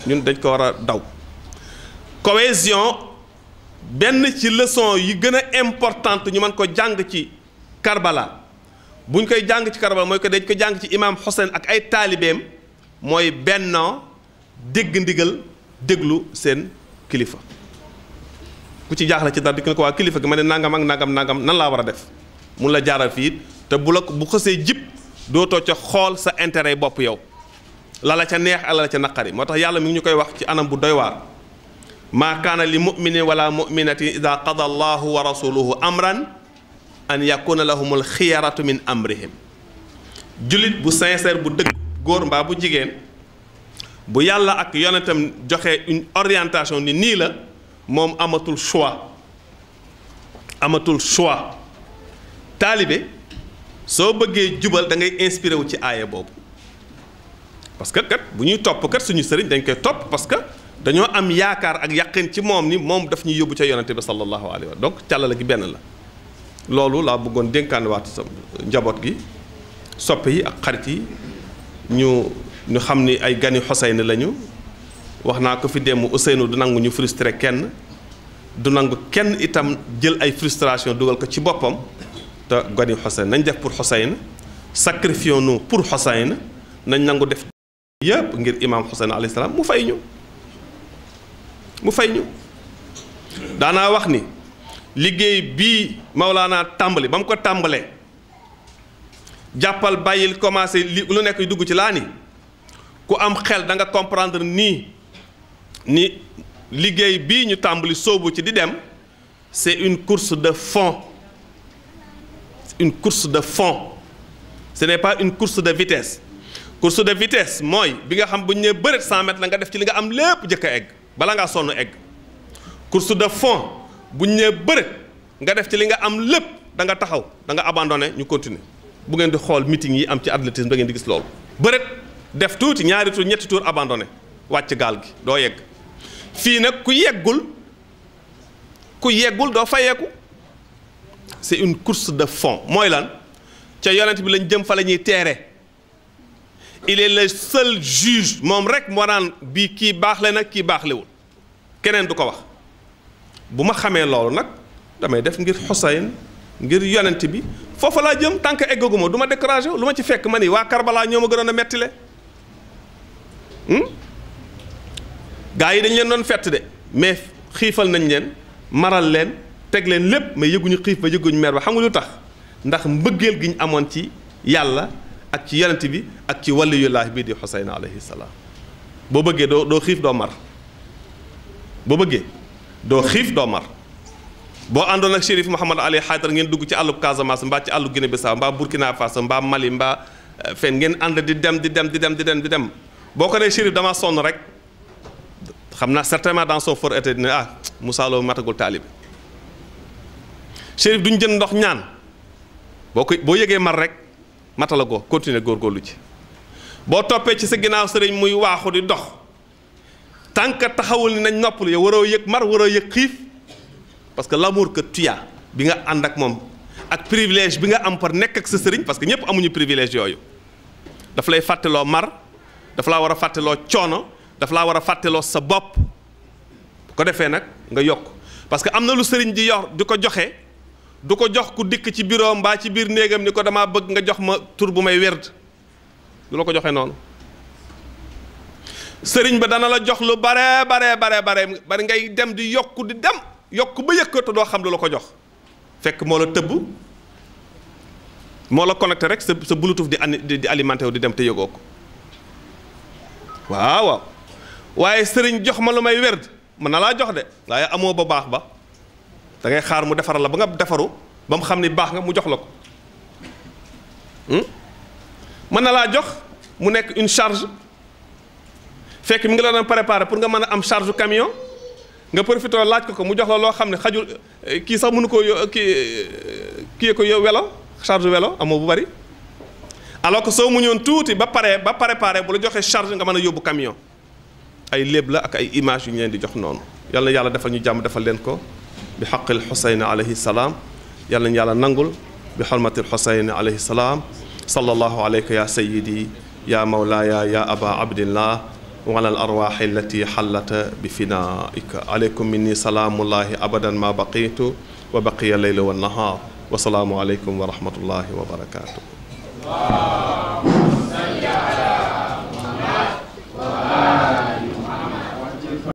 ñun dañ ko war a daw cohésion benn ci leçon yi gën a importante ñu mën ko jàng ci Karbala bu ñu koy jàng ci Karbala mooy ko dañ ko jàng ci imaam Hussein ak ay taalibeem mooy bennoo dégg ndigal déglu seen kilifa ku ci jaaxle ci dara di ko waa kilifa gi ma ne nangam ak nangam nangam nan laa war a def mun la jaaral fii te bu la ko bu xësee jib dootoo ca xool sa intérêt bopp yow la la ca neex ak la la ca naqari moo tax yàlla mi ngi ñu koy wax ci anam bu doy waar maa kaana li muminin wala muminatin ida qada allahu wa rasuluhu amran an yakuna lahumul xiyaratu min amrihim jullit bu sincère bu dëkk góor mbaa bu jigéen bu yàlla ak yonentam joxe une orientation ni nii la moom amatul choix amatul choix taalibe soo bëggee jubal da ngay inspiré wu ci aaya boobu parce que kat bu ñuy topp kat suñu sëriñ dañ koy topp parce que dañoo am yaakaar ak yàqin ci moom ni moom daf ñuy yóbbu ca yonante bi sallallahu alayhi wa donc càllale gi benn la loolu laa bëggoon dénkaan waat njaboot gi soppe yi ak xarit yi ñu ñu xam ni ay gani Xuseyni lañu wax naa ko fi démb Ousseynou du nangu ñu frustré kenn du nangu kenn itam jël ay frustration dugal ko ci boppam te gani Xuseyni nañ def pour Xuseyni sacrifions-nous pour Xuseyni nañ nangu def yëpp ngir imaam Xuseyni alayhi salaam mu fay ñu mu fay ñu daanaa wax ni liggéey bii Maolana tàmbali ba mu ko tàmbalee jàppal bàyyil commencé li lu nekk dugg ci laa ni ku am xel da nga comprendre nii ni liggéey bii ñu tàmbali soobu ci di dem c'est une course de fond c'est une course de fond ce n'est pas une course de vitesse course de vitesse mooy bi nga xam bu ñu nee bëreet 100 mètres la nga def ci li nga am lépp jëkk a egg. bala ngaa sonn egg course de fond bu ñu nee bëre nga def ci li nga am lépp da nga taxaw da nga abandonné ñu continuer bu ngeen di xool meeting yi am ci athlétisme da ngeen di gis loolu. bëret def tuuti ñaari tour ñetti tour abandonné wàcc gaal gi doo yegg fii nag ku yeggul ku yeggul doo fayeeku c'est une course de fonds mooy lan ca yonent bi lañ jëm fa la ñuy teere il est le seul juge moom rek moo naan bii kii baaxle nag kii baaxlewul keneen du ko wax bu ma xamee loolu nag damay def ngir Xuseyn ngir yonent bi foofa laa jëm tant que eggaguma du ma découragé lu ma ci fekk ma ni waa Karbala ñoo ma gënoon a mettile hmm? gaa yi dañ leen doon fett de mais xiifal nañ leen maral leen teg leen lépp ma yëguñu xiif ba yëguñu mer ba xam nga lu tax ndax mbëggeel gi ñu amoon ci yàlla ak ci yonent bi ak ci waliyullah bii di Xuseyn alayhi salaam boo bëggee doo doo xiif doo mar boo bëggee doo xiif doo boo àndoon ak Chérif Mouhamad Ali Haydar ngeen dugg ci àllub Casamance mbaa ci àllu Guinée Bissau mbaa Burkina Faso mbaa Mali mbaa euh, fen ngeen ànd di dem di dem di dem di dem di dem boo ko nee Chérif damaa sonn rek xam naa certainement dans son fort été ne ah Moussa matagul taalib Chérif duñ jënd ndox ñaan boo ko boo yëgee mar rek. matala ko continuer góorgóorlu ci boo toppee ci sa ginnaaw sëriñ muy waaxu di dox tànk taxawul ni nañ noppalu yow waroo yëg mar waroo yëg xiif parce que l'amour que tu bi nga ànd ak moom ak privilège bi nga am par nekk ak sa sëriñ parce que ñëpp amuñu privilège yooyu daf lay fàtteloo mar dafa laa war a fàtteloo coono dafa laa war a fàtteloo sa bopp ko defee nag nga yokk parce que am na lu sëriñ di yor di ko joxe du ko jox ku dikk ci bureau mbaa ci biir néegam ni ko damaa bëgg nga jox ma tur bu may werd du la ko joxee noonu sëriñ ba dana la jox lu bare bare bare bare bari ngay dem di yokk di dem yokk ba yëkkatu doo xam lu la ko jox fekk moo la tëbb moo la connecté rek sa sa bluetooth di di alimenté wu di dem te yëgoo ko waaw waaw waaye sëriñ jox ma lu may werd mën na laa jox de waaye amoo ba baax ba da ngay xaar mu defaral la ba nga defaru ba mu xam ni baax nga mu jox la ko hmm? mën na laa jox mu nekk une charge fekk mi ngi la doon préparé pour nga mën a am charge camion nga profité laaj ko ko mu jox la loo xam ne xajul eh, kii sax mënu ko yo eh, kii eh, kii ko yow welo charge welo amoo bu bari alors que soo mu ñoon tuuti ba pare ba préparé bu la joxee charge nga mën a yóbbu camion ay léeb la ak ay image yu ñu leen di jox noonu yal yàlla defal ñu jàmm defal leen ko bi xaqil xusayni alayhi salaam yàlla nañu yàlla nangul bi xormatil xusayni alayhi salaam sallallahu alayka ya sayidi ya mawlaaya ya aba abdillah wala al arwaaxi allati xallata bi finaika aleykum minni salaamullahi abadan ma baqitu wa baqiya leyla wa nahaar wa salaamu aleykum wa rahmatullahi wa barakaatu